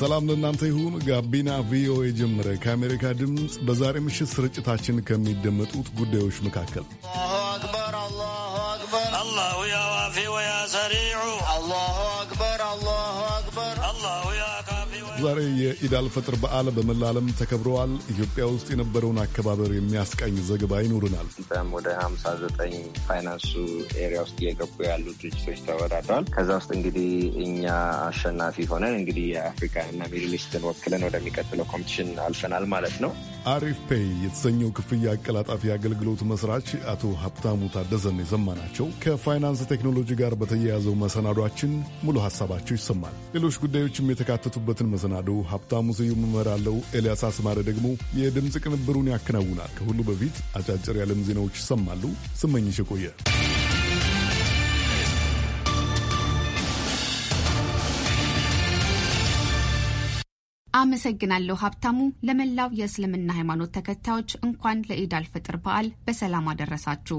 ሰላም ለእናንተ ይሁን። ጋቢና ቪኦኤ ጀመረ። ከአሜሪካ ድምፅ በዛሬ ምሽት ስርጭታችን ከሚደመጡት ጉዳዮች መካከል አላሁ አክበር አላሁ ያዋፊ ወያ ሰሪዑ ዛሬ የኢዳል ፈጥር በዓል በመላለም ተከብረዋል። ኢትዮጵያ ውስጥ የነበረውን አከባበር የሚያስቃኝ ዘገባ ይኖርናል። ወደ 59 ፋይናንሱ ኤሪያ ውስጥ እየገቡ ያሉ ድርጅቶች ተወዳድረዋል። ከዛ ውስጥ እንግዲህ እኛ አሸናፊ ሆነን እንግዲህ የአፍሪካን እና ሚድል ኢስትን ወክለን ወደሚቀጥለው ኮምፒቲሽን አልፈናል ማለት ነው። አሪፍ ፔይ የተሰኘው ክፍያ አቀላጣፊ አገልግሎት መስራች አቶ ሀብታሙ ታደሰን የሰማናቸው። ከፋይናንስ ቴክኖሎጂ ጋር በተያያዘው መሰናዷችን ሙሉ ሀሳባቸው ይሰማል። ሌሎች ጉዳዮችም የተካተቱበትን መሰናዶ መሰናዶ ሀብታሙ ስዩም እመራለሁ። ኤልያስ አስማረ ደግሞ የድምፅ ቅንብሩን ያከናውናል። ከሁሉ በፊት አጫጭር የዓለም ዜናዎች ይሰማሉ። ስመኝሽ ቆየ። አመሰግናለሁ ሀብታሙ። ለመላው የእስልምና ሃይማኖት ተከታዮች እንኳን ለኢድ አልፈጥር በዓል በሰላም አደረሳችሁ።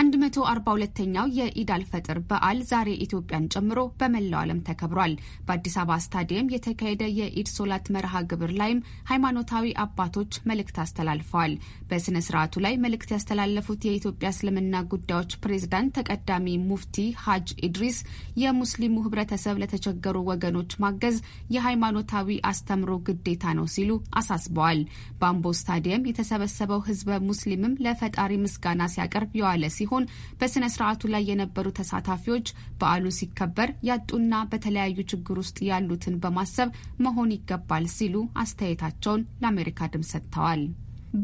142ኛው የኢዳል ፈጥር በዓል ዛሬ ኢትዮጵያን ጨምሮ በመላው ዓለም ተከብሯል። በአዲስ አበባ ስታዲየም የተካሄደ የኢድ ሶላት መርሃ ግብር ላይም ሃይማኖታዊ አባቶች መልእክት አስተላልፈዋል። በስነ ስርዓቱ ላይ መልእክት ያስተላለፉት የኢትዮጵያ እስልምና ጉዳዮች ፕሬዝዳንት ተቀዳሚ ሙፍቲ ሀጅ ኢድሪስ የሙስሊሙ ህብረተሰብ ለተቸገሩ ወገኖች ማገዝ የሃይማኖታዊ አስተምሮ ግዴታ ነው ሲሉ አሳስበዋል። በአምቦ ስታዲየም የተሰበሰበው ህዝበ ሙስሊምም ለፈጣሪ ምስጋና ሲያቀርብ የዋለ ሲል ሲሆን በስነ ስርዓቱ ላይ የነበሩ ተሳታፊዎች በዓሉ ሲከበር ያጡና በተለያዩ ችግር ውስጥ ያሉትን በማሰብ መሆን ይገባል ሲሉ አስተያየታቸውን ለአሜሪካ ድምፅ ሰጥተዋል።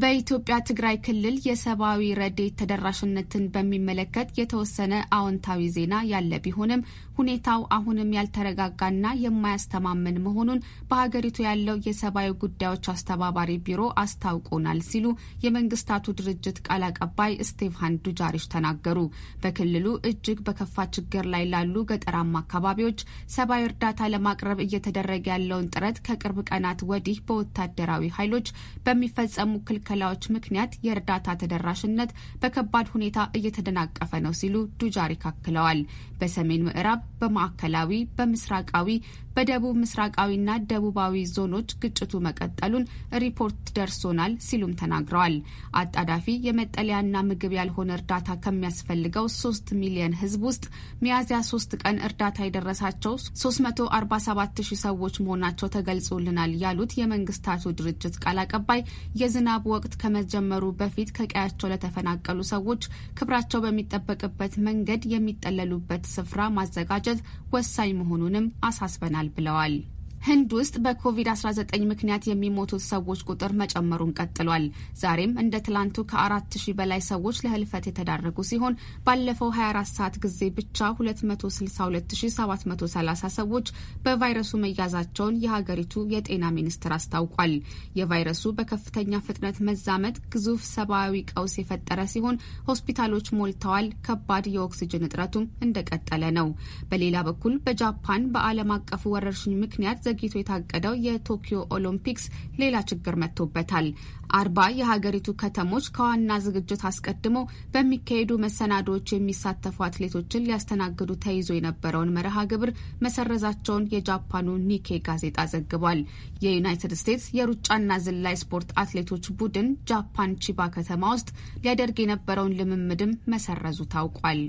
በኢትዮጵያ ትግራይ ክልል የሰብአዊ ረዴት ተደራሽነትን በሚመለከት የተወሰነ አዎንታዊ ዜና ያለ ቢሆንም ሁኔታው አሁንም ያልተረጋጋና የማያስተማምን መሆኑን በሀገሪቱ ያለው የሰብአዊ ጉዳዮች አስተባባሪ ቢሮ አስታውቆናል ሲሉ የመንግስታቱ ድርጅት ቃል አቀባይ ስቴፋን ዱጃሪሽ ተናገሩ። በክልሉ እጅግ በከፋ ችግር ላይ ላሉ ገጠራማ አካባቢዎች ሰብአዊ እርዳታ ለማቅረብ እየተደረገ ያለውን ጥረት ከቅርብ ቀናት ወዲህ በወታደራዊ ኃይሎች በሚፈጸሙ ክልከላዎች ምክንያት የእርዳታ ተደራሽነት በከባድ ሁኔታ እየተደናቀፈ ነው ሲሉ ዱጃሪክ አክለዋል። በሰሜን ምዕራብ በማዕከላዊ፣ በምስራቃዊ፣ በደቡብ ምስራቃዊና ደቡባዊ ዞኖች ግጭቱ መቀጠሉን ሪፖርት ደርሶናል ሲሉም ተናግረዋል። አጣዳፊ የመጠለያና ምግብ ያልሆነ እርዳታ ከሚያስፈልገው ሶስት ሚሊየን ህዝብ ውስጥ ሚያዝያ ሶስት ቀን እርዳታ የደረሳቸው 347 ሺህ ሰዎች መሆናቸው ተገልጾልናል ያሉት የመንግስታቱ ድርጅት ቃል አቀባይ የዝናብ ወቅት ከመጀመሩ በፊት ከቀያቸው ለተፈናቀሉ ሰዎች ክብራቸው በሚጠበቅበት መንገድ የሚጠለሉበት ስፍራ ማዘጋጀት ወሳኝ መሆኑንም አሳስበናል ይሆናል ብለዋል። ህንድ ውስጥ በኮቪድ-19 ምክንያት የሚሞቱት ሰዎች ቁጥር መጨመሩን ቀጥሏል። ዛሬም እንደ ትላንቱ ከ ሺህ በላይ ሰዎች ለህልፈት የተዳረጉ ሲሆን ባለፈው 24 ሰዓት ጊዜ ብቻ 262730 ሰዎች በቫይረሱ መያዛቸውን የሀገሪቱ የጤና ሚኒስቴር አስታውቋል። የቫይረሱ በከፍተኛ ፍጥነት መዛመት ግዙፍ ሰብአዊ ቀውስ የፈጠረ ሲሆን ሆስፒታሎች ሞልተዋል። ከባድ የኦክስጅን እጥረቱም እንደቀጠለ ነው። በሌላ በኩል በጃፓን በዓለም አቀፉ ወረርሽኝ ምክንያት ዘግይቶ የታቀደው የቶኪዮ ኦሎምፒክስ ሌላ ችግር መጥቶበታል። አርባ የሀገሪቱ ከተሞች ከዋና ዝግጅት አስቀድሞ በሚካሄዱ መሰናዶዎች የሚሳተፉ አትሌቶችን ሊያስተናግዱ ተይዞ የነበረውን መርሃ ግብር መሰረዛቸውን የጃፓኑ ኒኬ ጋዜጣ ዘግቧል። የዩናይትድ ስቴትስ የሩጫና ዝላይ ስፖርት አትሌቶች ቡድን ጃፓን ቺባ ከተማ ውስጥ ሊያደርግ የነበረውን ልምምድም መሰረዙ ታውቋል።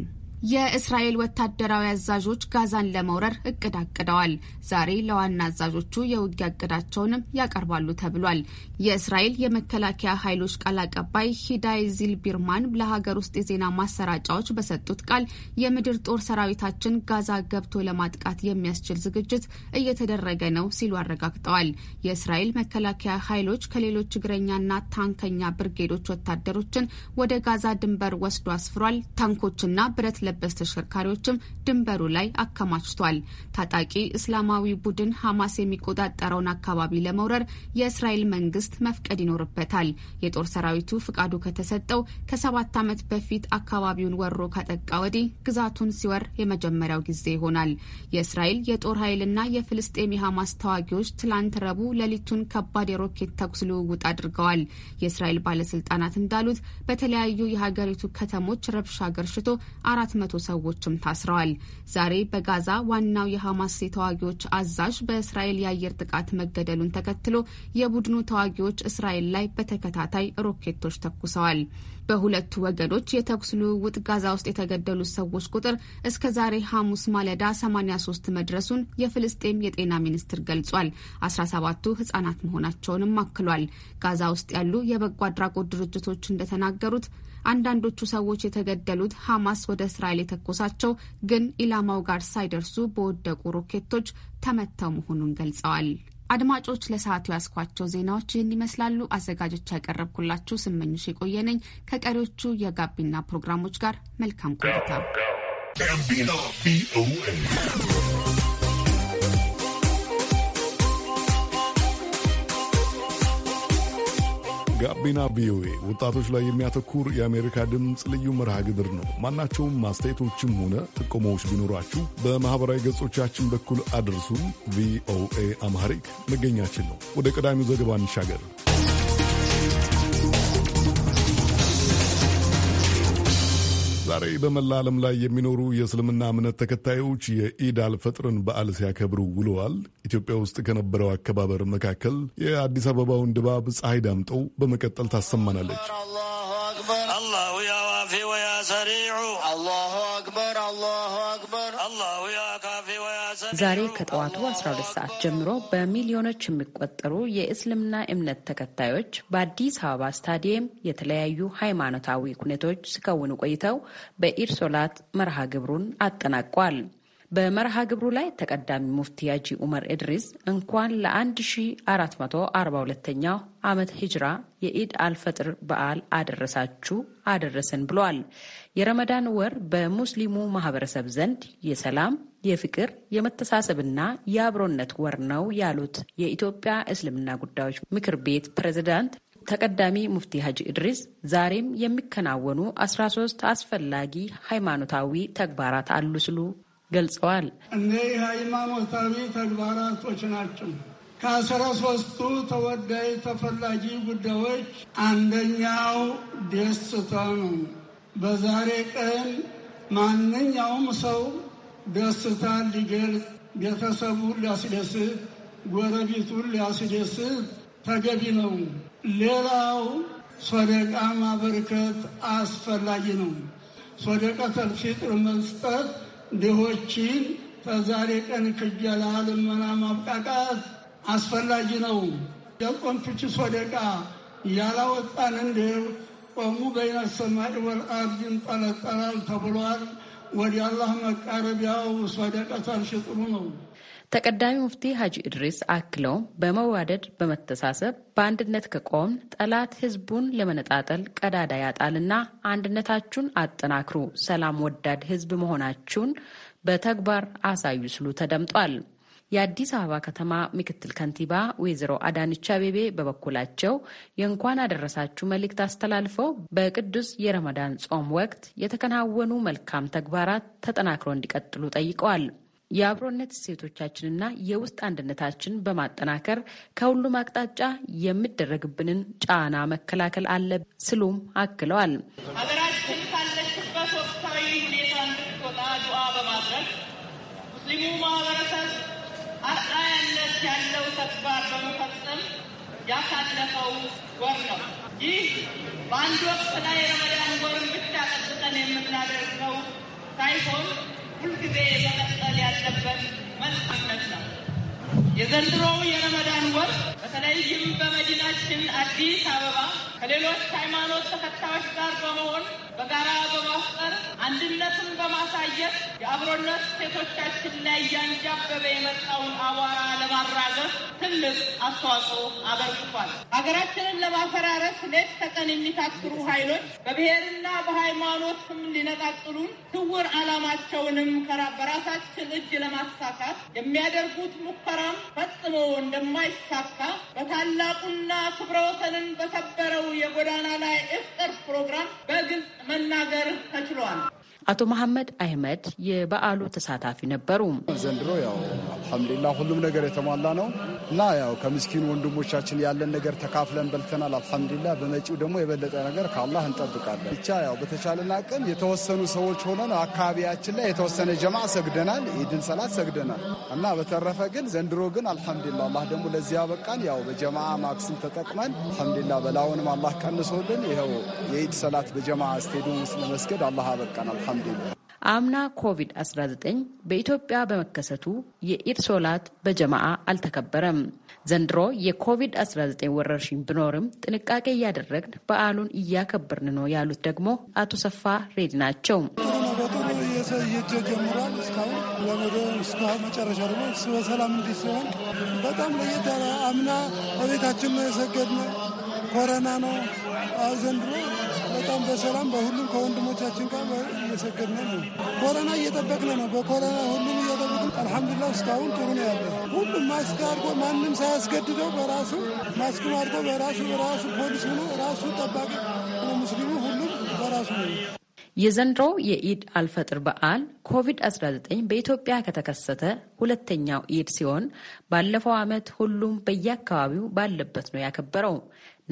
የእስራኤል ወታደራዊ አዛዦች ጋዛን ለመውረር እቅድ አቅደዋል። ዛሬ ለዋና አዛዦቹ የውጊያ እቅዳቸውንም ያቀርባሉ ተብሏል። የእስራኤል የመከላከያ ኃይሎች ቃል አቀባይ ሂዳይ ዚል ቢርማን ለሀገር ውስጥ የዜና ማሰራጫዎች በሰጡት ቃል የምድር ጦር ሰራዊታችን ጋዛ ገብቶ ለማጥቃት የሚያስችል ዝግጅት እየተደረገ ነው ሲሉ አረጋግጠዋል። የእስራኤል መከላከያ ኃይሎች ከሌሎች እግረኛና ታንከኛ ብርጌዶች ወታደሮችን ወደ ጋዛ ድንበር ወስዶ አስፍሯል። ታንኮችና ብረት ባለበት ተሽከርካሪዎችም ድንበሩ ላይ አከማችቷል። ታጣቂ እስላማዊ ቡድን ሐማስ የሚቆጣጠረውን አካባቢ ለመውረር የእስራኤል መንግስት መፍቀድ ይኖርበታል። የጦር ሰራዊቱ ፍቃዱ ከተሰጠው ከሰባት ዓመት በፊት አካባቢውን ወሮ ካጠቃ ወዲህ ግዛቱን ሲወር የመጀመሪያው ጊዜ ይሆናል። የእስራኤል የጦር ኃይልና የፍልስጤም የሐማስ ተዋጊዎች ትላንት ረቡዕ ሌሊቱን ከባድ የሮኬት ተኩስ ልውውጥ አድርገዋል። የእስራኤል ባለስልጣናት እንዳሉት በተለያዩ የሀገሪቱ ከተሞች ረብሻ ገርሽቶ አራት መቶ ሰዎችም ታስረዋል። ዛሬ በጋዛ ዋናው የሐማስ ተዋጊዎች አዛዥ በእስራኤል የአየር ጥቃት መገደሉን ተከትሎ የቡድኑ ተዋጊዎች እስራኤል ላይ በተከታታይ ሮኬቶች ተኩሰዋል። በሁለቱ ወገኖች የተኩስ ልውውጥ ጋዛ ውስጥ የተገደሉት ሰዎች ቁጥር እስከ ዛሬ ሐሙስ ማለዳ 83 መድረሱን የፍልስጤም የጤና ሚኒስትር ገልጿል። 17ቱ ህጻናት መሆናቸውንም አክሏል። ጋዛ ውስጥ ያሉ የበጎ አድራጎት ድርጅቶች እንደተናገሩት አንዳንዶቹ ሰዎች የተገደሉት ሐማስ ወደ እስራኤል የተኮሳቸው ግን ኢላማው ጋር ሳይደርሱ በወደቁ ሮኬቶች ተመተው መሆኑን ገልጸዋል። አድማጮች ለሰዓቱ ያስኳቸው ዜናዎች ይህን ይመስላሉ። አዘጋጆች ያቀረብኩላችሁ ስመኞሽ የቆየ ነኝ። ከቀሪዎቹ የጋቢና ፕሮግራሞች ጋር መልካም ቆይታ። ጋቢና ቪኦኤ ወጣቶች ላይ የሚያተኩር የአሜሪካ ድምፅ ልዩ መርሃ ግብር ነው። ማናቸውም ማስተያየቶችም ሆነ ጥቆማዎች ቢኖሯችሁ በማኅበራዊ ገጾቻችን በኩል አድርሱን። ቪኦኤ አምሃሪክ መገኛችን ነው። ወደ ቀዳሚው ዘገባ እንሻገር። ዛሬ በመላ ዓለም ላይ የሚኖሩ የእስልምና እምነት ተከታዮች የኢድ አልፈጥርን በዓል ሲያከብሩ ውለዋል። ኢትዮጵያ ውስጥ ከነበረው አከባበር መካከል የአዲስ አበባውን ድባብ ፀሐይ ዳምጠው በመቀጠል ታሰማናለች። ዛሬ ከጠዋቱ 12 ሰዓት ጀምሮ በሚሊዮኖች የሚቆጠሩ የእስልምና እምነት ተከታዮች በአዲስ አበባ ስታዲየም የተለያዩ ሃይማኖታዊ ኩነቶች ሲከውኑ ቆይተው በኢድ ሶላት መርሃ ግብሩን አጠናቋል። በመርሃ ግብሩ ላይ ተቀዳሚ ሙፍቲ ያጂ ኡመር ኢድሪስ እንኳን ለ1442ኛው ዓመት ሂጅራ የኢድ አልፈጥር በዓል አደረሳችሁ አደረሰን ብለዋል። የረመዳን ወር በሙስሊሙ ማህበረሰብ ዘንድ የሰላም፣ የፍቅር፣ የመተሳሰብና የአብሮነት ወር ነው ያሉት የኢትዮጵያ እስልምና ጉዳዮች ምክር ቤት ፕሬዝዳንት ተቀዳሚ ሙፍቲ ሀጂ ኢድሪስ ዛሬም የሚከናወኑ 13 አስፈላጊ ሃይማኖታዊ ተግባራት አሉ ስሉ ገልጸዋል። እነዚህ ሃይማኖታዊ ተግባራቶች ናቸው። ከአስራ ሶስቱ ተወዳጅ ተፈላጊ ጉዳዮች አንደኛው ደስታ ነው። በዛሬ ቀን ማንኛውም ሰው ደስታ ሊገልጽ፣ ቤተሰቡን ሊያስደስት፣ ጎረቤቱን ሊያስደስት ተገቢ ነው። ሌላው ሶደቃ ማበርከት አስፈላጊ ነው። ሶደቀተል ፊጥር መስጠት ድሆችን ከዛሬ ቀን ክጀላ ልመና ማብቃቃት አስፈላጊ ነው። የቆንፍች ሶደቃ ያላወጣን እንዲው ቆሙ በይነ ሰማይ ወልአርድ ይንጠለጠላል ተብሏል። ወዲ አላህ መቃረቢያው ሶደቀተል ጥሩ ነው። ተቀዳሚ ሙፍቲ ሀጂ እድሪስ አክለው በመዋደድ በመተሳሰብ በአንድነት ከቆም ጠላት ህዝቡን ለመነጣጠል ቀዳዳ ያጣልና አንድነታችሁን አጠናክሩ፣ ሰላም ወዳድ ህዝብ መሆናችሁን በተግባር አሳዩ ስሉ ተደምጧል። የአዲስ አበባ ከተማ ምክትል ከንቲባ ወይዘሮ አዳንቻ አቤቤ በበኩላቸው የእንኳን አደረሳችሁ መልእክት አስተላልፈው በቅዱስ የረመዳን ጾም ወቅት የተከናወኑ መልካም ተግባራት ተጠናክሮ እንዲቀጥሉ ጠይቀዋል። የአብሮነት እሴቶቻችንና የውስጥ አንድነታችን በማጠናከር ከሁሉም አቅጣጫ የሚደረግብንን ጫና መከላከል አለ ስሉም አክለዋል። ሀገራችን ካለችበት ወቅታዊ ሁኔታ እንድትወጣ ዱዓ በማድረግ ሙስሊሙ ማህበረሰብ አርአያነት ያለው ተግባር በመፈጸም ያሳለፈው ወር ነው። ይህ በአንድ ወቅት ላይ ረመዳን ወርን ብቻ ጠብቀን የምናደርገው ሳይሆን ሁልጊዜ መቀጠል ያለበት መልካምነት ነው። የዘንድሮው የረመዳን ወር በተለይም በመዲናችን አዲስ አበባ ከሌሎች ሃይማኖት ተከታዮች ጋር በመሆን በጋራ በማፍጠር አንድነትን በማሳየት የአብሮነት ሴቶቻችን ላይ እያንጃበበ የመጣውን አቧራ ለማራገፍ ትልቅ አስተዋጽኦ አበርክቷል። ሀገራችንን ለማፈራረስ ሌት ተቀን የሚታክሩ ኃይሎች በብሔርና በሃይማኖት ስም ሊነጣጥሉን ስውር ዓላማቸውንም በራሳችን እጅ ለማሳካት የሚያደርጉት ሙከራም ፈጽሞ እንደማይሳካ በታላቁና ክብረ ወሰንን በሰበረው የጎዳና ላይ ኢፍጣር ፕሮግራም በግልጽ መናገር ተችሏል። አቶ መሐመድ አህመድ የበዓሉ ተሳታፊ ነበሩ። ዘንድሮ ያው አልሐምዱሊላህ ሁሉም ነገር የተሟላ ነው እና ያው ከምስኪኑ ወንድሞቻችን ያለን ነገር ተካፍለን በልተናል። አልሐምዱሊላህ በመጪው ደግሞ የበለጠ ነገር ከአላህ እንጠብቃለን። ብቻ ያው በተቻለን አቅም የተወሰኑ ሰዎች ሆነን አካባቢያችን ላይ የተወሰነ ጀማ ሰግደናል፣ ኢድን ሰላት ሰግደናል እና በተረፈ ግን ዘንድሮ ግን አልሐምዱሊላህ አላህ ደግሞ ለዚህ ያበቃን ያው በጀማ ማክስም ተጠቅመን አልሐምዱሊላህ በላውንም አላህ ቀንሶልን ይኸው የኢድ ሰላት በጀማ ስቴዲየም ውስጥ ለመስገድ አላህ አበቃን። አልሐምዱሊላህ። አምና ኮቪድ-19 በኢትዮጵያ በመከሰቱ የኢድ ሶላት በጀማአ አልተከበረም። ዘንድሮ የኮቪድ-19 ወረርሽኝ ቢኖርም ጥንቃቄ እያደረግን በዓሉን እያከበርን ነው ያሉት ደግሞ አቶ ሰፋ ሬድ ናቸው። ጀምሯል እስካሁን ወደ እስካሁን መጨረሻ ደግሞ በሰላም እንዲ ሲሆን በጣም ለየት አምና በቤታችን ነው የሰገድነው ኮረና ነው ዘንድሮ በጣም በሰላም በሁሉም ከወንድሞቻችን ጋር እየሰገድነ ነው። ኮረና እየጠበቅን ነው። በኮረና ሁሉም እየጠበቅን አልሐምዱላ እስካሁን ጥሩ ነው ያለ። ሁሉም ማስክ አድርጎ ማንም ሳያስገድደው በራሱ ማስክ አድርጎ በራሱ በራሱ ፖሊስ ሆኖ ራሱ ጠባቂ ሙስሊሙ ሁሉም በራሱ ነው። የዘንድሮው የኢድ አልፈጥር በዓል ኮቪድ-19 በኢትዮጵያ ከተከሰተ ሁለተኛው ኢድ ሲሆን ባለፈው ዓመት ሁሉም በየአካባቢው ባለበት ነው ያከበረው።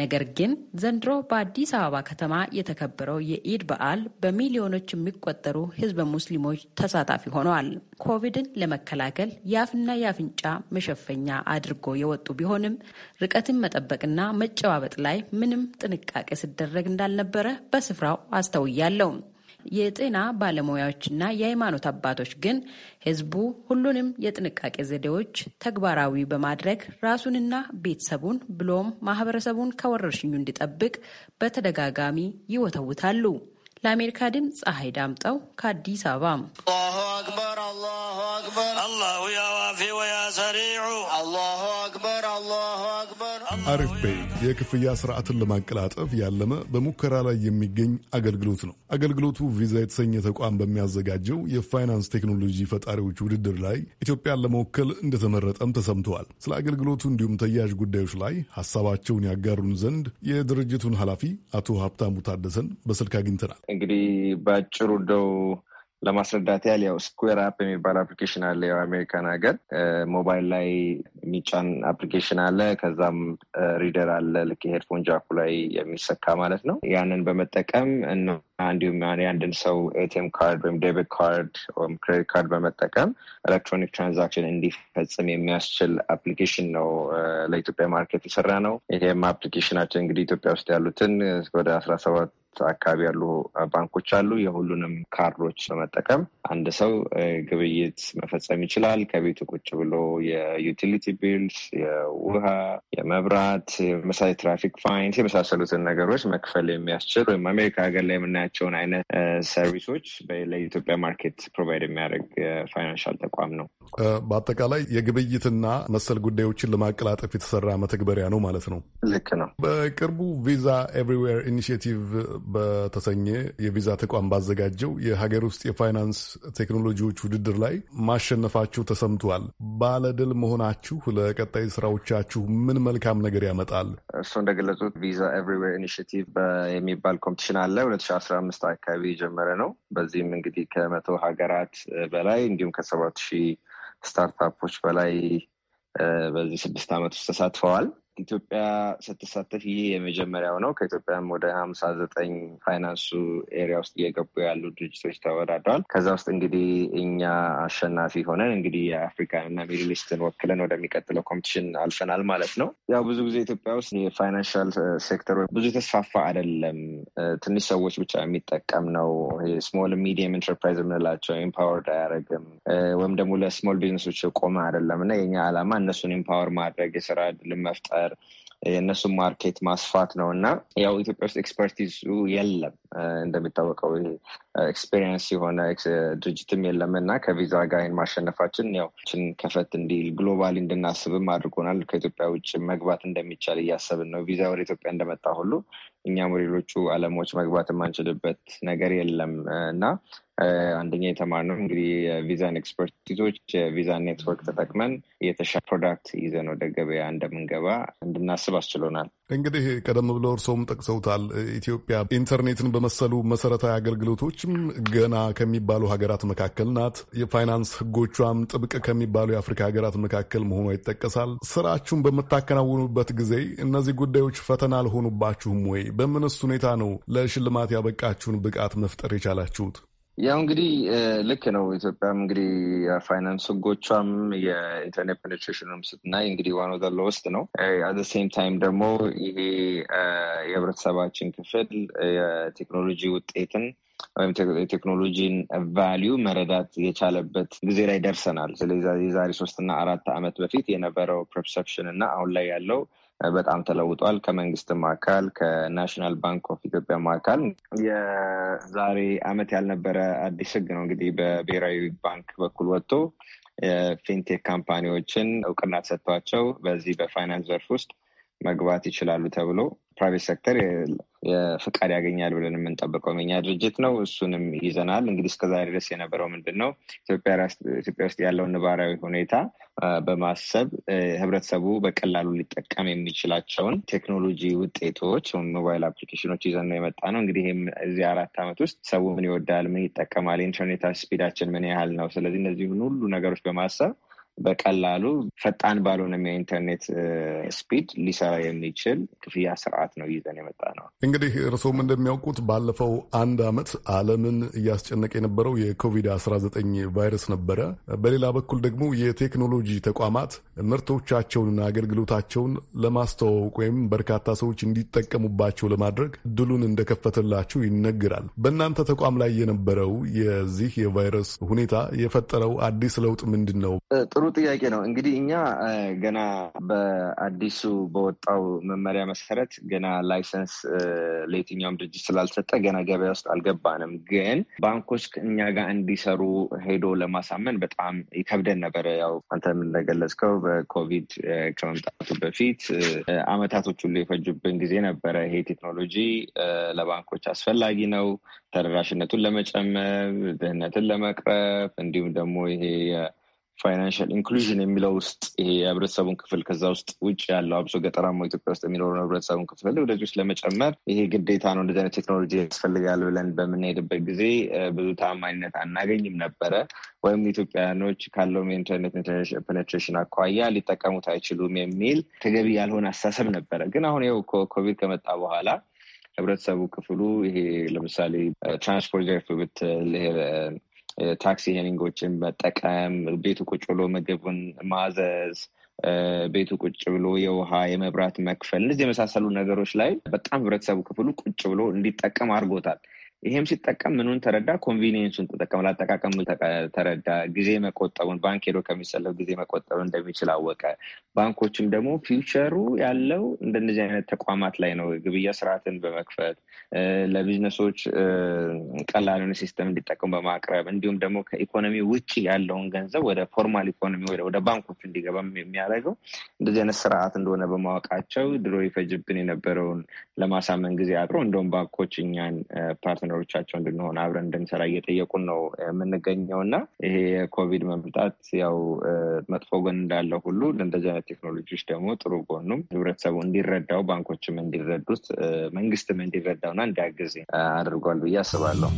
ነገር ግን ዘንድሮ በአዲስ አበባ ከተማ የተከበረው የኢድ በዓል በሚሊዮኖች የሚቆጠሩ ህዝበ ሙስሊሞች ተሳታፊ ሆነዋል። ኮቪድን ለመከላከል የአፍና የአፍንጫ መሸፈኛ አድርጎ የወጡ ቢሆንም ርቀትን መጠበቅና መጨባበጥ ላይ ምንም ጥንቃቄ ሲደረግ እንዳልነበረ በስፍራው አስተውያለሁ። የጤና ባለሙያዎችና የሃይማኖት አባቶች ግን ህዝቡ ሁሉንም የጥንቃቄ ዘዴዎች ተግባራዊ በማድረግ ራሱንና ቤተሰቡን ብሎም ማህበረሰቡን ከወረርሽኙ እንዲጠብቅ በተደጋጋሚ ይወተውታሉ። ለአሜሪካ ድምፅ ፀሐይ ዳምጠው ከአዲስ አበባ። አላሁ አክበር አላሁ አክበር አላሁ ያዋፊ ወያ ሰሪዑ አላሁ አክበር አላሁ አክበር አሪፍ በይ የክፍያ ስርዓትን ለማቀላጠፍ ያለመ በሙከራ ላይ የሚገኝ አገልግሎት ነው። አገልግሎቱ ቪዛ የተሰኘ ተቋም በሚያዘጋጀው የፋይናንስ ቴክኖሎጂ ፈጣሪዎች ውድድር ላይ ኢትዮጵያን ለመወከል እንደተመረጠም ተሰምተዋል። ስለ አገልግሎቱ እንዲሁም ተያያዥ ጉዳዮች ላይ ሀሳባቸውን ያጋሩን ዘንድ የድርጅቱን ኃላፊ አቶ ሀብታሙ ታደሰን በስልክ አግኝተናል። እንግዲህ በአጭሩ እንደው ለማስረዳት ያህል ያው ስኩዌር አፕ የሚባል አፕሊኬሽን አለ። ያው አሜሪካን ሀገር ሞባይል ላይ የሚጫን አፕሊኬሽን አለ። ከዛም ሪደር አለ፣ ልክ ሄድፎን ጃኩ ላይ የሚሰካ ማለት ነው። ያንን በመጠቀም እንዲሁም የአንድን ሰው ኤቲኤም ካርድ ወይም ዴቢት ካርድ ወይም ክሬዲት ካርድ በመጠቀም ኤሌክትሮኒክ ትራንዛክሽን እንዲፈጽም የሚያስችል አፕሊኬሽን ነው ለኢትዮጵያ ማርኬት የሰራ ነው። ይሄም አፕሊኬሽናችን እንግዲህ ኢትዮጵያ ውስጥ ያሉትን ወደ አስራ ሰባት አካባቢ ያሉ ባንኮች አሉ። የሁሉንም ካርዶች በመጠቀም አንድ ሰው ግብይት መፈጸም ይችላል። ከቤቱ ቁጭ ብሎ የዩቲሊቲ ቢልስ፣ የውሃ፣ የመብራት፣ የመሳይ ትራፊክ ፋይንስ የመሳሰሉትን ነገሮች መክፈል የሚያስችል ወይም አሜሪካ ሀገር ላይ የምናያ የምናያቸውን አይነት ሰርቪሶች ለኢትዮጵያ ማርኬት ፕሮቫይድ የሚያደርግ ፋይናንሻል ተቋም ነው። በአጠቃላይ የግብይትና መሰል ጉዳዮችን ለማቀላጠፍ የተሰራ መተግበሪያ ነው ማለት ነው። ልክ ነው። በቅርቡ ቪዛ ኤቭሪዌር ኢኒሽቲቭ በተሰኘ የቪዛ ተቋም ባዘጋጀው የሀገር ውስጥ የፋይናንስ ቴክኖሎጂዎች ውድድር ላይ ማሸነፋችሁ ተሰምቷል። ባለድል መሆናችሁ ለቀጣይ ስራዎቻችሁ ምን መልካም ነገር ያመጣል? እሱ እንደገለጹት ቪዛ ኤቭሪዌር ኢኒሽቲቭ የሚባል ኮምፒቲሽን አለ። ሁለት አምስት አካባቢ የጀመረ ነው። በዚህም እንግዲህ ከመቶ ሀገራት በላይ እንዲሁም ከሰባት ሺህ ስታርታፖች በላይ በዚህ ስድስት ዓመት ውስጥ ተሳትፈዋል። ኢትዮጵያ ስትሳተፍ ይህ የመጀመሪያው ነው። ከኢትዮጵያም ወደ ሀምሳ ዘጠኝ ፋይናንሱ ኤሪያ ውስጥ እየገቡ ያሉ ድርጅቶች ተወዳድረዋል። ከዛ ውስጥ እንግዲህ እኛ አሸናፊ ሆነን እንግዲህ የአፍሪካን እና ሚድል ኢስትን ወክለን ወደሚቀጥለው ኮምፒቲሽን አልፈናል ማለት ነው። ያው ብዙ ጊዜ ኢትዮጵያ ውስጥ የፋይናንሻል ሴክተር ብዙ የተስፋፋ አይደለም። ትንሽ ሰዎች ብቻ የሚጠቀም ነው። ስሞል ሚዲየም ኢንተርፕራይዝ የምንላቸው ኢምፓወርድ አያደርግም ወይም ደግሞ ለስሞል ቢዝነሶች ቆመ አይደለም እና የኛ ዓላማ እነሱን ኢምፓወር ማድረግ የስራ እድልን መፍጠር መፍጠር የእነሱን ማርኬት ማስፋት ነው እና ያው ኢትዮጵያ ውስጥ ኤክስፐርቲዙ የለም እንደሚታወቀው ኤክስፔሪንስ የሆነ ድርጅትም የለም እና ከቪዛ ጋር ይህን ማሸነፋችን ያው ችን ከፈት እንዲል ግሎባሊ እንድናስብም አድርጎናል። ከኢትዮጵያ ውጭ መግባት እንደሚቻል እያሰብን ነው። ቪዛ ወደ ኢትዮጵያ እንደመጣ ሁሉ እኛም ወደ ሌሎቹ አለሞች መግባት የማንችልበት ነገር የለም እና አንደኛ የተማርነው እንግዲህ የቪዛን ኤክስፐርቲዞች የቪዛን ኔትወርክ ተጠቅመን የተሻለ ፕሮዳክት ይዘን ወደ ገበያ እንደምንገባ እንድናስብ አስችሎናል። እንግዲህ ቀደም ብሎ እርሶም ጠቅሰውታል። ኢትዮጵያ ኢንተርኔትን በመሰሉ መሰረታዊ አገልግሎቶችም ገና ከሚባሉ ሀገራት መካከል ናት። የፋይናንስ ሕጎቿም ጥብቅ ከሚባሉ የአፍሪካ ሀገራት መካከል መሆኗ ይጠቀሳል። ስራችሁን በምታከናውኑበት ጊዜ እነዚህ ጉዳዮች ፈተና አልሆኑባችሁም ወይ? በምንስ ሁኔታ ነው ለሽልማት ያበቃችሁን ብቃት መፍጠር የቻላችሁት? ያው እንግዲህ ልክ ነው። ኢትዮጵያም እንግዲህ የፋይናንስ ህጎቿም የኢንተርኔት ፔኔትሬሽንም ስትናይ እንግዲህ ዋን ኦፍ ዘ ነው። አት ሴም ታይም ደግሞ ይሄ የህብረተሰባችን ክፍል የቴክኖሎጂ ውጤትን ወይም የቴክኖሎጂን ቫሊዩ መረዳት የቻለበት ጊዜ ላይ ደርሰናል። ስለዚህ የዛሬ ሶስትና አራት ዓመት በፊት የነበረው ፐርሰፕሽን እና አሁን ላይ ያለው በጣም ተለውጧል። ከመንግስትም አካል ከናሽናል ባንክ ኦፍ ኢትዮጵያም አካል የዛሬ አመት ያልነበረ አዲስ ህግ ነው እንግዲህ በብሔራዊ ባንክ በኩል ወጥቶ የፊንቴክ ካምፓኒዎችን እውቅና ሰጥቷቸው በዚህ በፋይናንስ ዘርፍ ውስጥ መግባት ይችላሉ ተብሎ ፕራይቬት ሴክተር ፍቃድ ያገኛል ብለን የምንጠብቀው መኛ ድርጅት ነው። እሱንም ይዘናል። እንግዲህ እስከዛሬ ድረስ የነበረው ምንድን ነው ኢትዮጵያ ውስጥ ያለውን ነባራዊ ሁኔታ በማሰብ ህብረተሰቡ በቀላሉ ሊጠቀም የሚችላቸውን ቴክኖሎጂ ውጤቶች ሞባይል አፕሊኬሽኖች ይዘን ነው የመጣ ነው። እንግዲህ እዚህ አራት ዓመት ውስጥ ሰው ምን ይወዳል፣ ምን ይጠቀማል፣ ኢንተርኔት ስፒዳችን ምን ያህል ነው። ስለዚህ እነዚህን ሁሉ ነገሮች በማሰብ በቀላሉ ፈጣን ባልሆነም የኢንተርኔት ስፒድ ሊሰራ የሚችል ክፍያ ስርዓት ነው ይዘን የመጣ ነው። እንግዲህ እርስዎም እንደሚያውቁት ባለፈው አንድ ዓመት ዓለምን እያስጨነቀ የነበረው የኮቪድ-19 ቫይረስ ነበረ። በሌላ በኩል ደግሞ የቴክኖሎጂ ተቋማት ምርቶቻቸውንና አገልግሎታቸውን ለማስተዋወቅ ወይም በርካታ ሰዎች እንዲጠቀሙባቸው ለማድረግ ድሉን እንደከፈተላቸው ይነገራል። በእናንተ ተቋም ላይ የነበረው የዚህ የቫይረስ ሁኔታ የፈጠረው አዲስ ለውጥ ምንድን ነው? ጥሩ ጥያቄ ነው። እንግዲህ እኛ ገና በአዲሱ በወጣው መመሪያ መሰረት ገና ላይሰንስ ለየትኛውም ድርጅት ስላልሰጠ ገና ገበያ ውስጥ አልገባንም። ግን ባንኮች እኛ ጋር እንዲሰሩ ሄዶ ለማሳመን በጣም ይከብደን ነበረ። ያው አንተ እንደገለጽከው በኮቪድ ከመምጣቱ በፊት አመታቶች ሁሉ የፈጁብን ጊዜ ነበረ። ይሄ ቴክኖሎጂ ለባንኮች አስፈላጊ ነው ተደራሽነቱን ለመጨመር፣ ድህነትን ለመቅረፍ እንዲሁም ደግሞ ይሄ ፋይናንሻል ኢንክሉዥን የሚለው ውስጥ ይሄ የህብረተሰቡን ክፍል ከዛ ውስጥ ውጭ ያለው አብሶ ገጠራማ ኢትዮጵያ ውስጥ የሚኖሩ ህብረተሰቡን ክፍል ወደዚህ ውስጥ ለመጨመር ይሄ ግዴታ ነው። እንደዚህ አይነት ቴክኖሎጂ ያስፈልጋል ብለን በምንሄድበት ጊዜ ብዙ ታማኝነት አናገኝም ነበረ። ወይም ኢትዮጵያኖች ካለውም የኢንተርኔት ፔኔትሬሽን አኳያ ሊጠቀሙት አይችሉም የሚል ተገቢ ያልሆነ አስተሳሰብ ነበረ። ግን አሁን ይኸው ኮቪድ ከመጣ በኋላ ህብረተሰቡ ክፍሉ ይሄ ለምሳሌ ትራንስፖርት ዘርፍ ብትል ታክሲ ሄሊንጎችን መጠቀም፣ ቤቱ ቁጭ ብሎ ምግቡን ማዘዝ ቤቱ ቁጭ ብሎ የውሃ የመብራት መክፈል፣ እነዚህ የመሳሰሉ ነገሮች ላይ በጣም ህብረተሰቡ ክፍሉ ቁጭ ብሎ እንዲጠቀም አድርጎታል። ይሄም ሲጠቀም ምኑን ተረዳ? ኮንቪኒየንሱን ተጠቀም፣ ላጠቃቀሙ ተረዳ፣ ጊዜ መቆጠቡን ባንክ ሄዶ ከሚሰለው ጊዜ መቆጠቡ እንደሚችል አወቀ። ባንኮችም ደግሞ ፊውቸሩ ያለው እንደነዚህ አይነት ተቋማት ላይ ነው፣ ግብያ ስርዓትን በመክፈት ለቢዝነሶች ቀላሉን ሲስተም እንዲጠቀሙ በማቅረብ እንዲሁም ደግሞ ከኢኮኖሚ ውጭ ያለውን ገንዘብ ወደ ፎርማል ኢኮኖሚ ወደ ባንኮች እንዲገባ የሚያደርገው እንደዚህ አይነት ስርዓት እንደሆነ በማወቃቸው ድሮ ይፈጅብን የነበረውን ለማሳመን ጊዜ አጥሮ እንደውም ባንኮች እኛን ፓርት ፓርትነሮቻቸው እንድንሆን አብረን እንድንሰራ እየጠየቁን ነው የምንገኘው እና ይሄ የኮቪድ መምጣት ያው መጥፎ ጎን እንዳለ ሁሉ ለእንደዚህ አይነት ቴክኖሎጂዎች ደግሞ ጥሩ ጎኑም ህብረተሰቡ እንዲረዳው፣ ባንኮችም እንዲረዱት፣ መንግስትም እንዲረዳውና እንዲያግዝ አድርጓል ብዬ አስባለሁ።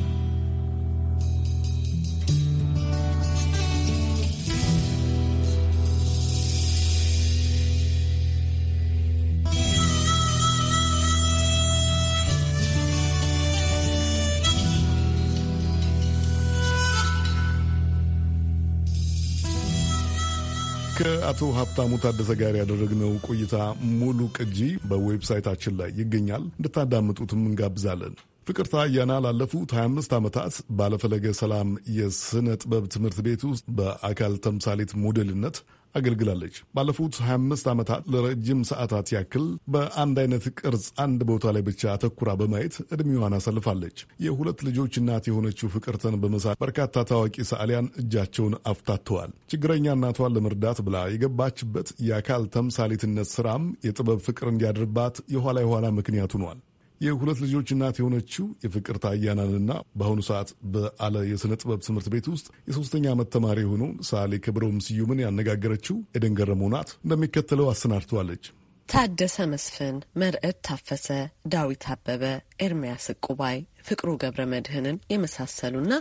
ከአቶ ሀብታሙ ታደሰ ጋር ያደረግነው ቆይታ ሙሉ ቅጂ በዌብሳይታችን ላይ ይገኛል። እንድታዳምጡትም እንጋብዛለን። ፍቅርታ አያና ላለፉት 25 ዓመታት ባለፈለገ ሰላም የሥነ ጥበብ ትምህርት ቤት ውስጥ በአካል ተምሳሌት ሞዴልነት አገልግላለች። ባለፉት 25 ዓመታት ለረጅም ሰዓታት ያክል በአንድ አይነት ቅርጽ አንድ ቦታ ላይ ብቻ አተኩራ በማየት እድሜዋን አሳልፋለች። የሁለት ልጆች እናት የሆነችው ፍቅርተን በመሳል በርካታ ታዋቂ ሰዓሊያን እጃቸውን አፍታተዋል። ችግረኛ እናቷን ለመርዳት ብላ የገባችበት የአካል ተምሳሌትነት ስራም የጥበብ ፍቅር እንዲያድርባት የኋላ የኋላ ምክንያት ሆኗል። የሁለት ልጆች እናት የሆነችው የፍቅር አያናንና በአሁኑ ሰዓት በአለ የሥነ ጥበብ ትምህርት ቤት ውስጥ የሶስተኛ ዓመት ተማሪ የሆነውን ሳሌ ክብረውም ስዩምን ያነጋገረችው ኤደን ገረመው ናት። እንደሚከተለው አሰናድተዋለች። ታደሰ መስፍን፣ መርዕድ ታፈሰ፣ ዳዊት አበበ፣ ኤርሚያስ ዕቁባይ፣ ፍቅሩ ገብረ መድህንን የመሳሰሉና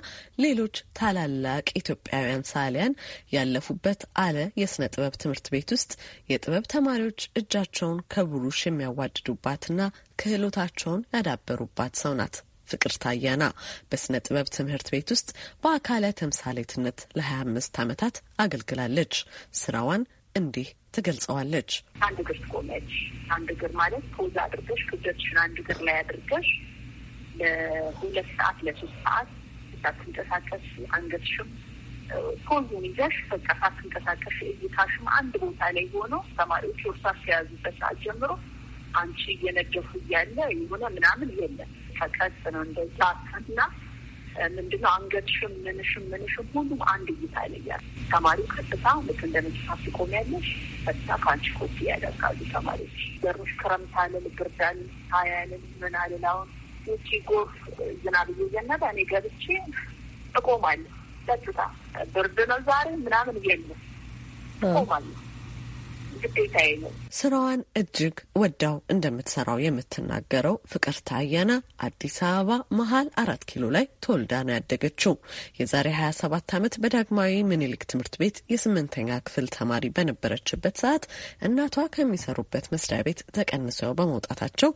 ሌሎች ታላላቅ ኢትዮጵያውያን ሳሊያን ያለፉበት አለ የስነ ጥበብ ትምህርት ቤት ውስጥ የጥበብ ተማሪዎች እጃቸውን ከብሩሽ የሚያዋድዱባትና ክህሎታቸውን ያዳበሩባት ሰው ናት። ፍቅር ታያና በስነ ጥበብ ትምህርት ቤት ውስጥ በአካለ ተምሳሌትነት ለ25 ዓመታት አገልግላለች። ስራዋን እንዲህ ትገልጸዋለች። አንድ እግር ትቆመች። አንድ እግር ማለት ፖዝ አድርገሽ ክብደትሽን አንድ እግር ላይ አድርገሽ ለሁለት ሰዓት ለሶስት ሰዓት ሳትንቀሳቀስ አንገትሽም ፖዙን ይዘሽ በቃ ሳትንቀሳቀሽ እይታሽም አንድ ቦታ ላይ ሆኖ ተማሪዎች እርሳስ ከያዙበት ሰዓት ጀምሮ አንቺ እየነገፉ እያለ የሆነ ምናምን የለም። ተቀጽ ነው እንደዛ እና ምንድነው አንገትሽም ምንሽም ምንሽም ሁሉም አንድ እይታ ላይ ያለ ተማሪው ቀጥታ ልክ እንደ መጽሐፍ ሲቆም ያለሽ ቀጥታ ከአንቺ ኮፒ ያደርጋሉ ተማሪዎች። ገርሞሽ ክረምት አለ ልብርዳል ሀያልን ምን አልል ውጪ ጎርፍ ዝናብ እየዘነበ እኔ ገብቼ እቆማለሁ። ጸጥታ ብርድ ነው ዛሬ ምናምን የለም እቆማለሁ። ስራዋን እጅግ ወዳው እንደምትሰራው የምትናገረው ፍቅርታ አያና አዲስ አበባ መሀል አራት ኪሎ ላይ ተወልዳ ነው ያደገችው። የዛሬ 27 ዓመት በዳግማዊ ምኒልክ ትምህርት ቤት የስምንተኛ ክፍል ተማሪ በነበረችበት ሰዓት እናቷ ከሚሰሩበት መስሪያ ቤት ተቀንሰው በመውጣታቸው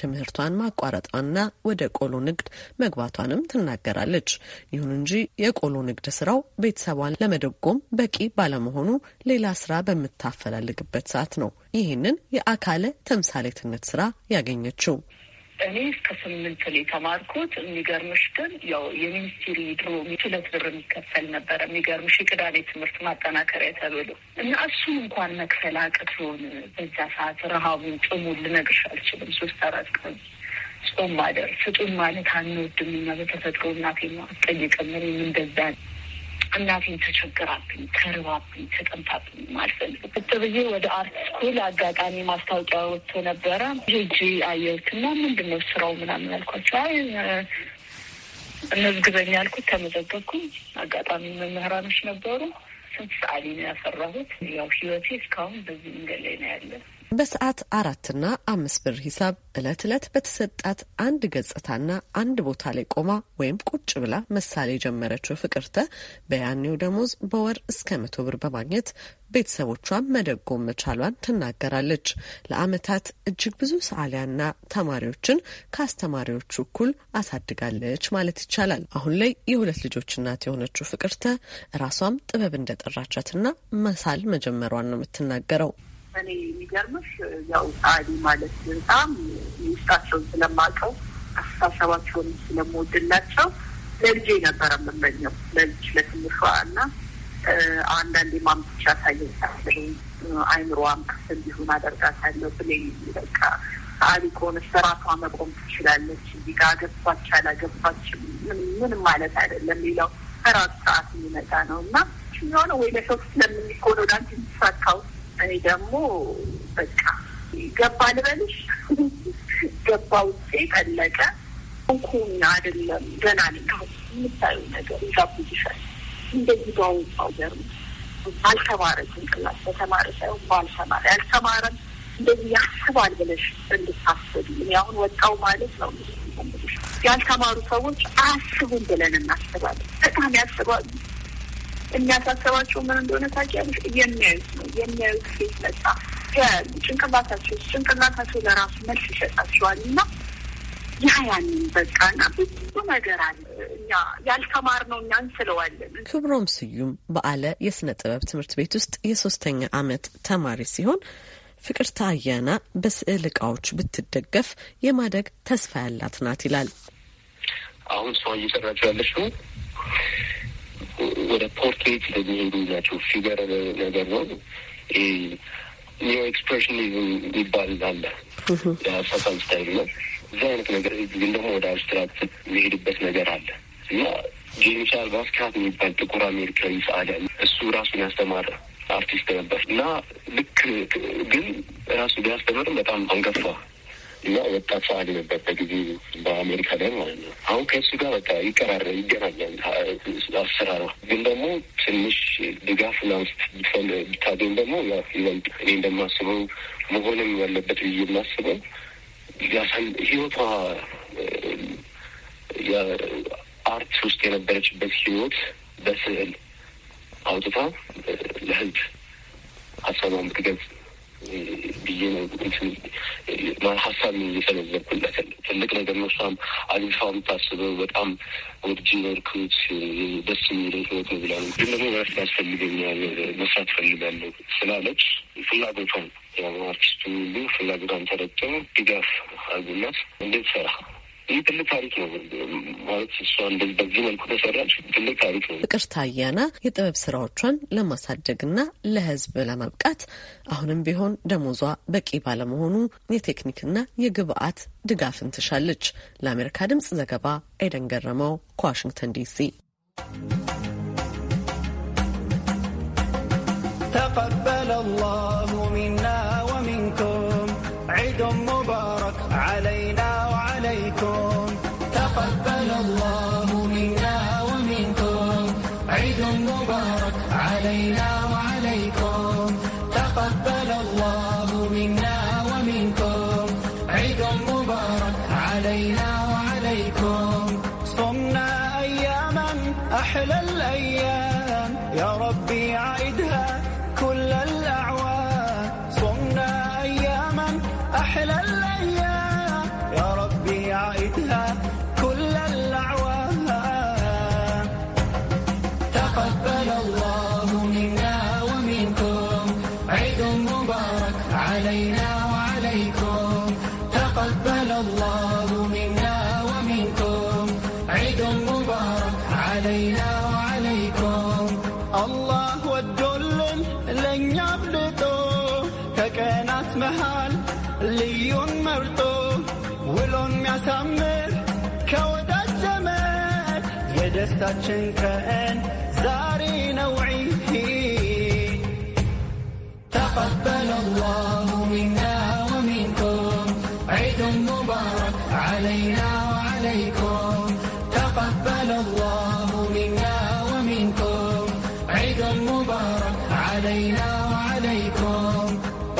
ትምህርቷን ማቋረጧና ወደ ቆሎ ንግድ መግባቷንም ትናገራለች። ይሁን እንጂ የቆሎ ንግድ ስራው ቤተሰቧን ለመደጎም በቂ ባለመሆኑ ሌላ ስራ በምታፈላልግበት ሰዓት ነው ይህንን የአካለ ተምሳሌትነት ስራ ያገኘችው። እኔ እስከ ስምንት ነው የተማርኩት። የሚገርምሽ ግን ያው የሚኒስቴሪ ድሮ ሁለት ብር የሚከፈል ነበረ። የሚገርምሽ የቅዳሜ ትምህርት ማጠናከሪያ ተብሎ እና እሱን እንኳን መክፈል አቅቶን በዛ ሰዓት ረሃቡን ጥሙን ልነግርሽ አልችልም። ሶስት አራት ቀን ጾም ማደር ስጡን ማለት አንወድም እኛ በተፈጥሮ እናቴ ነው አስጠይቅም እኔም እንደዛ እናቴን ተቸግራብኝ ተርባብኝ ተጠምታብኝ አልፈልግም ብዬ ወደ አርት ስኩል አጋጣሚ ማስታወቂያ ወጥቶ ነበረ። ሄጄ አየሁትና ምንድን ነው ስራው ምናምን አልኳቸው። አይ እንመዝግበኝ አልኩት። ተመዘገብኩኝ። አጋጣሚ መምህራኖች ነበሩ። ስንት ሰዓሊ ነው ያፈራሁት። ያው ህይወቴ እስካሁን በዚህ መንገድ ላይ ነው ያለ። በሰዓት አራትና አምስት ብር ሂሳብ እለት እለት በተሰጣት አንድ ገጽታና አንድ ቦታ ላይ ቆማ ወይም ቁጭ ብላ መሳሌ የጀመረችው ፍቅርተ በያኔው ደሞዝ በወር እስከ መቶ ብር በማግኘት ቤተሰቦቿን መደጎም መቻሏን ትናገራለች። ለአመታት እጅግ ብዙ ሰዓሊያና ተማሪዎችን ከአስተማሪዎቹ እኩል አሳድጋለች ማለት ይቻላል። አሁን ላይ የሁለት ልጆች እናት የሆነችው ፍቅርተ ራሷም ጥበብ እንደጠራቻትና መሳል መጀመሯን ነው የምትናገረው። እኔ የሚገርምሽ ያው ሰዓሊ ማለት በጣም ውስጣቸውን ስለማውቀው አስተሳሰባቸውን ስለምወድላቸው ለልጄ ነበረ የምመኘው ለልጅ ለትንሿ እና አንዳንድ ማምቻ ታየታለሁ አይምሮዋም ክፍል ቢሆን አደርጋታለሁ ብሌን በቃ አሊ ከሆነ ስራቷ መቆም ትችላለች። እዚህ ጋር ገባች አላገባችም ምንም ማለት አይደለም። ሌላው በራሱ ሰዓት የሚመጣ ነው እና የሆነ ወይ ለሰው ስለምንኮነ ወዳንድ የሚሳካው እኔ ደግሞ በቃ ገባ ልበልሽ ገባ ውጤ ቀለቀ እንኩኛ አይደለም ገና ልቀው የምታዩ ነገር ይጋብዝሻል እንደዚህ በአውጣው ገርም ባልተማረ ጭንቅላት በተማረ ሳይሆን ባልተማረ ያልተማረም እንደዚህ ያስባል ብለሽ እንድታስብ አሁን ወጣው ማለት ነው። ያልተማሩ ሰዎች አያስቡም ብለን እናስባለን። በጣም ያስባሉ። የሚያሳስባቸው ምን እንደሆነ ታውቂያለሽ? የሚያዩት ነው። የሚያዩት ሴት መጣ ጭንቅላታቸው ጭንቅላታቸው ለራሱ መልስ ይሰጣቸዋል እና ያ ያንን በቃ እና ብዙ ነገር አለ። እኛ ያልተማርነው እኛ እንስለዋለን። ክብሮም ስዩም በአለ የስነ ጥበብ ትምህርት ቤት ውስጥ የሶስተኛ አመት ተማሪ ሲሆን ፍቅርታ አያና በስዕል እቃዎች ብትደገፍ የማደግ ተስፋ ያላት ናት ይላል። አሁን ሰው እየሰራቸው ያለችው ወደ ፖርትሬት የሚሄዱ ናቸው። ፊገር ነገር ነው። ኒው ኤክስፕሬሽን ይባል አለ። የአሳሳል ስታይል ነው ብዙ አይነት ነገር ግን ደግሞ ወደ አብስትራክት የሚሄድበት ነገር አለ እና ጄሚ ቻርልስ የሚባል ጥቁር አሜሪካዊ ሰዓሊ እሱ ራሱን ያስተማረ አርቲስት ነበር እና ልክ ግን ራሱ ቢያስተምርም በጣም አንገፋ እና ወጣት ሰዓሊ ነበር በጊዜ በአሜሪካ ላይ ማለት ነው። አሁን ከእሱ ጋር በቃ ይቀራረ ይገናኛል አሰራሩ ግን ደግሞ ትንሽ ድጋፍ ናውስት ብታገኝ ደግሞ ይበልጥ እኔ እንደማስበው መሆንም ያለበት ብዬ የማስበው ያሳይ ህይወቷ የአርት ውስጥ የነበረችበት ህይወት በስዕል አውጥታ ለህዝብ ሀሳቧን ብትገልጽ ብዬ ሀሳብ እየሰነዘርኩለት ትልቅ ነገር ነው። እሷም አግኝቷ የምታስበው በጣም ወድጄ ነው ደስ የሚለው ህይወት ነው ብላ ግን ደግሞ በረፍት ያስፈልገኛል መስራት ፈልጋለሁ ስላለች ፍላጎቷን ያው አርቲስቱ ሁሉ ፍላጎቷን ተረድተው ድጋፍ አርጉላት እንዴት ሰራ ይህ ትልቅ ታሪክ ነው ማለት እሷ በዚህ መልኩ ተሰራች ትልቅ ታሪክ ነው። ፍቅርተ አያና የጥበብ ስራዎቿን ለማሳደግና ለህዝብ ለማብቃት አሁንም ቢሆን ደሞዟ በቂ ባለመሆኑ የቴክኒክና የግብአት ድጋፍን ትሻለች። ለአሜሪካ ድምጽ ዘገባ ኤደን ገረመው ከዋሽንግተን ዲሲ። ተቀበለ አላህ الله منا ومنكم عيد مبارك علينا وعليكم صمنا أياما أحلى ታችን ከእን ዛሬ ነው ዒድ ተቀበለ ላሁ ሚና ወሚንኩም ዒድ ሙባረክ ዓለይና ወዓለይኩም ተቀበለ ላሁ ሚና ወሚንኩም ዒድ ሙባረክ ዓለይና ወዓለይኩም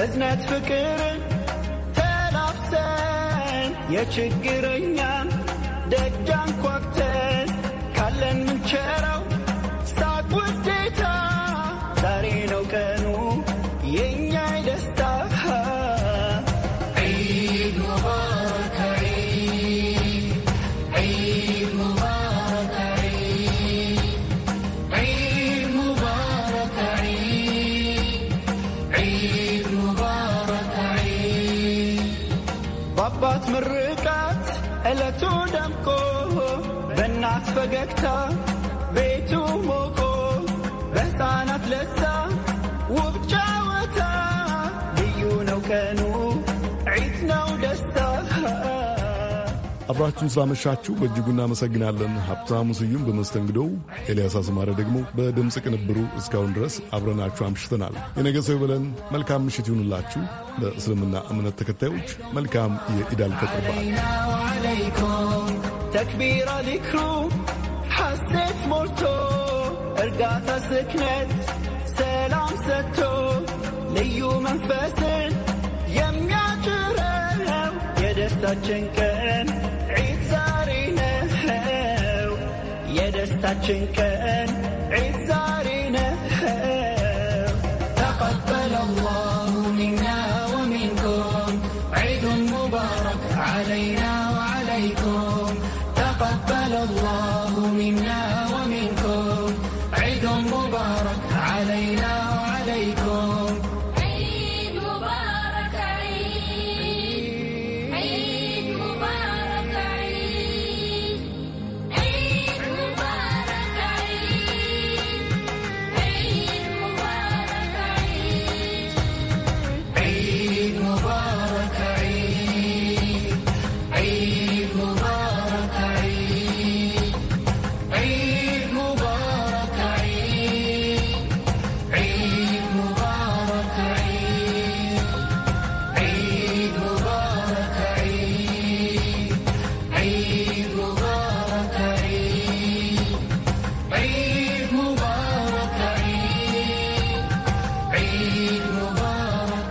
እዝነት ፍቅርን ተላብሰን የችግረኛ ፈገግታ ቤቱ ሞቆ በሕፃናት ለሳ ውብ ልዩ ነው ቀኑ ዒድ ነው ደስታ። አብራችሁን ስላመሻችሁ በእጅጉ እናመሰግናለን። ሀብታሙ ስዩም በመስተንግዶው፣ ኤልያስ አስማረ ደግሞ በድምፅ ቅንብሩ እስካሁን ድረስ አብረናችሁ አምሽተናል። የነገ ሰው ብለን መልካም ምሽት ይሁንላችሁ። ለእስልምና እምነት ተከታዮች መልካም የኢዳል ፈጥር በዓል ተክቢራ حسيت مرتو إرقاته سكنت سلام ستو ليو منفسن يم يا كرهو يا دستا تشنكن عيد زارينا نهو يا دستا تشنكن عيد زارينا نهو تقبل الله منا ومنكم عيد مبارك علينا وعليكم